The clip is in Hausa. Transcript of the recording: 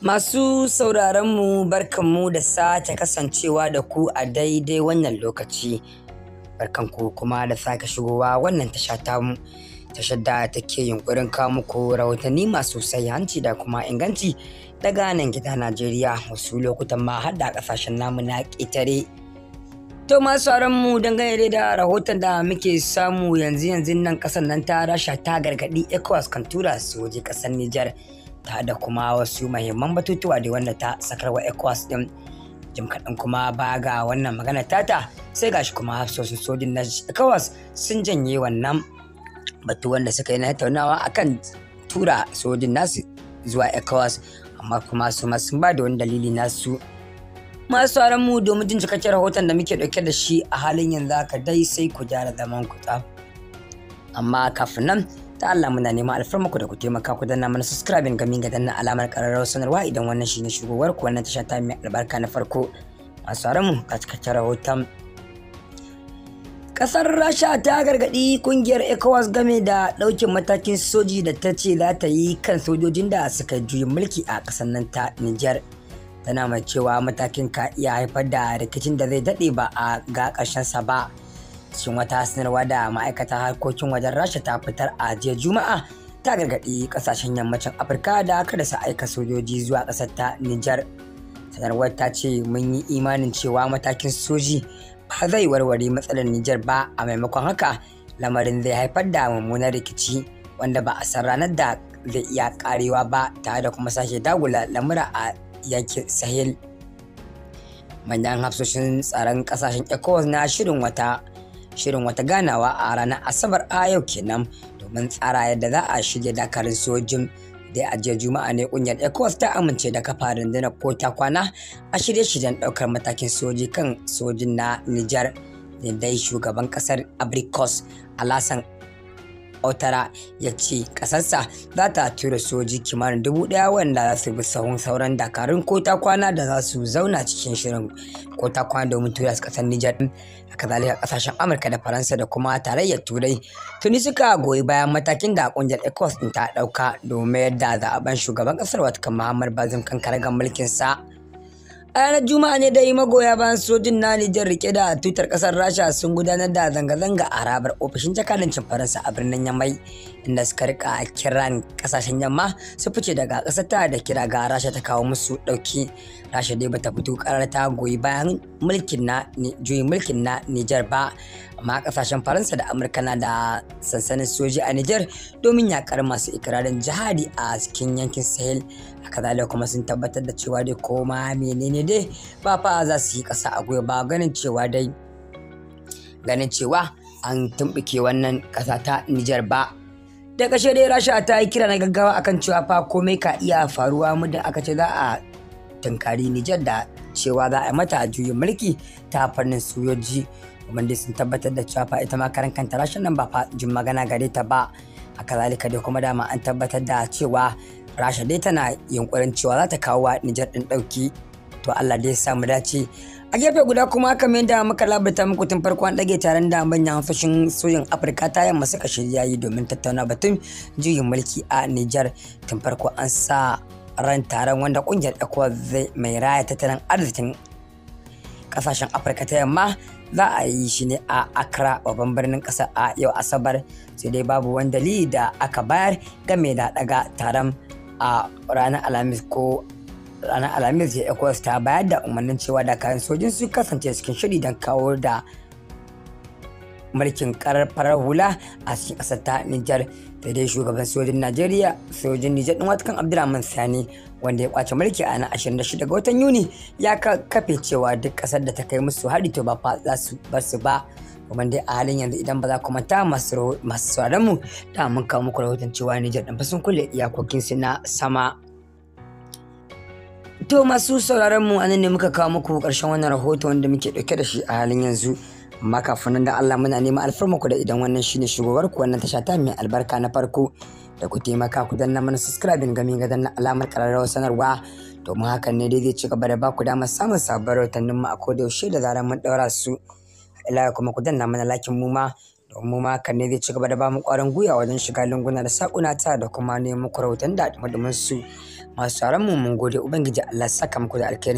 Masu sauraronmu barkanmu da sake kasancewa da ku a daidai wannan lokaci. Barkanku kuma da sake shigowa wannan tasha tamu, tashar da take yunkurin kawo muku rahotanni masu sai hanci da kuma inganci daga nan gida Najeriya wasu lokutan ma har da kasashen namu na ƙetare. To masu mu dangane da rahoton da muke samu yanzu yanzu nan ƙasar nan ta rasha ta gargaɗi ECOWAS kan tura su waje kasar Nijar. da kuma wasu mahimman batutuwa da wanda ta sakar wa ECOWAS din jim kaɗan kuma ba ga wannan magana tata sai gashi kuma hafsoshin sojin na ECOWAS sun janye wannan batu wanda suka yi na tattaunawa akan tura sojin nasu zuwa ECOWAS amma kuma su ma sun ba da wani dalili nasu masu tsaron mu domin jin cikakken rahoton da muke ɗauke da shi a halin yanzu haka dai sai ku gyara zaman ku ta amma kafin nan ta Allah muna neman alfarmaku da ku taimaka ku danna mana ga gamin ga danna alamar ƙararrawar sanarwa idan wannan shine shugowar ku wannan tasha ta mai albarka na farko masu mu ta rahoton Kasar Rasha ta gargaɗi kungiyar ECOWAS game da ɗaukin matakin soji da ta ce za ta yi kan sojojin da suka juyin mulki a kasar nan ta Nijar. Tana mai cewa matakin ka iya haifar da rikicin da zai dade ba a ga sa ba. cikin wata sanarwa da ma'aikatar harkokin wajen rasha ta fitar a jiya juma'a ta gargaɗi ƙasashen yammacin afirka da kada su aika sojoji zuwa ƙasar ta nijar sanarwar ta ce mun yi imanin cewa matakin soji ba zai warware matsalar nijar ba a maimakon haka lamarin zai haifar da mummunar rikici wanda ba a san ranar da zai iya karewa ba tare da kuma sake dagula lamura a yankin sahel manyan hafsoshin tsaron kasashen ecowas na shirin wata shirin wata ganawa a ranar asabar a yau kenan domin tsara yadda za a shirya dakarun sojin da a jiya juma'a ne kungiyar ecowas ta amince da kafa rundunar ko ta kwana a shirye-shiryen daukar matakin soji kan sojin na niger da dai shugaban kasar abricos alasan Otara ya ce ƙasarsa za ta tura soji kimanin dubu ɗaya wanda za su bi sahun sauran dakarun kota kwana da za su zauna cikin shirin kota kwana domin tura su ƙasar Nijar haka ƙasashen Amurka da Faransa da kuma tarayyar Turai tuni suka goyi bayan matakin da ƙungiyar ECOWAS ta ɗauka domin yadda zaɓen shugaban ƙasar wata Muhammad Bazoum kan karagar mulkin sa. a ranar juma'a ne dai magoya bayan sojin na nijar rike da tutar kasar rasha sun gudanar da zanga-zanga a rabar ofishin jakadancin faransa a birnin yamai inda suka rika kiran kasashen yamma su fice daga kasar ta da kira ga rasha ta kawo musu dauki rasha dai bata fito karar ta goyi bayan mulkin na juyin mulkin na nijar ba amma kasashen faransa da amurka na da sansanin soji a nijar domin yakar masu ikirarin jihadi a cikin yankin sahel haka zalika kuma sun tabbatar da cewa dai koma menene dai ba fa za su yi ƙasa a gwiwa ba ganin cewa dai ganin cewa an tumɓuke wannan ƙasa ta Nijar ba. Da ƙashe dai Rasha ta yi kira na gaggawa akan cewa fa komai ka iya faruwa muddin aka ce za a tunkari Nijar da cewa za a mata juyin mulki ta fannin sojoji kuma dai sun tabbatar da cewa fa ita ma karan kanta Rasha nan ba fa jin magana gare ta ba. Haka zalika dai kuma dama an tabbatar da cewa Rasha dai tana yunkurin cewa za ta kawo wa Nijar ɗin ɗauki to Allah dai ya mu dace a gefe guda kuma kamar yadda muka labarta muku tun farko an dage taron da manyan fashin soyin afirka ta yamma suka shirya yi domin tattauna batun juyin mulki a nijar tun farko an sa ran taron wanda kungiyar ecowas mai raya tattalin arzikin kasashen afirka ta yamma za a yi shi ne a accra babban birnin ƙasa a yau asabar sai dai babu wani dalili da aka bayar game da daga taron a ranar alhamis ko ranar alhamis ya ecos ta bayar da umarnin cewa da kayan sojin su kasance cikin shiri don kawo da mulkin karar farar hula a cikin kasar ta Nijar da dai shugaban sojin Najeriya sojin Nijar ɗin watakan Abdulrahman Sani wanda ya kwace mulki a ranar 26 ga watan Yuni ya kafe cewa duk kasar da ta kai musu hari to ba fa za su ba su ba kuma dai a halin yanzu idan ba za ku manta masu sauranmu mu da mun kawo muku rahoton cewa Nijar din fa sun kulle su na sama. To masu sauraron mu anan ne muka kawo muku ƙarshen wannan rahoto wanda muke ɗauke da shi a halin yanzu. Amma kafin nan da Allah muna nema alfarmaku da idan wannan shine shugabar ku wannan tasha ta mai albarka na farko da ku taimaka ku danna mana subscribing gami ga danna alamar ƙararrawar sanarwa domin hakan ne dai zai ci gaba da ba ku damar samun sabbin rahotannin mu a koda yaushe da zarar mun ɗaura su. Ila kuma ku danna mana lakin mu ma mu ma kan ne zai ci gaba da bamu kwarin gwiwa wajen shiga lunguna da sakunata da kuma nemo kurautan da adumadumin su masu tsaron mu mun gode ubangiji Allah saka muku da alkhairi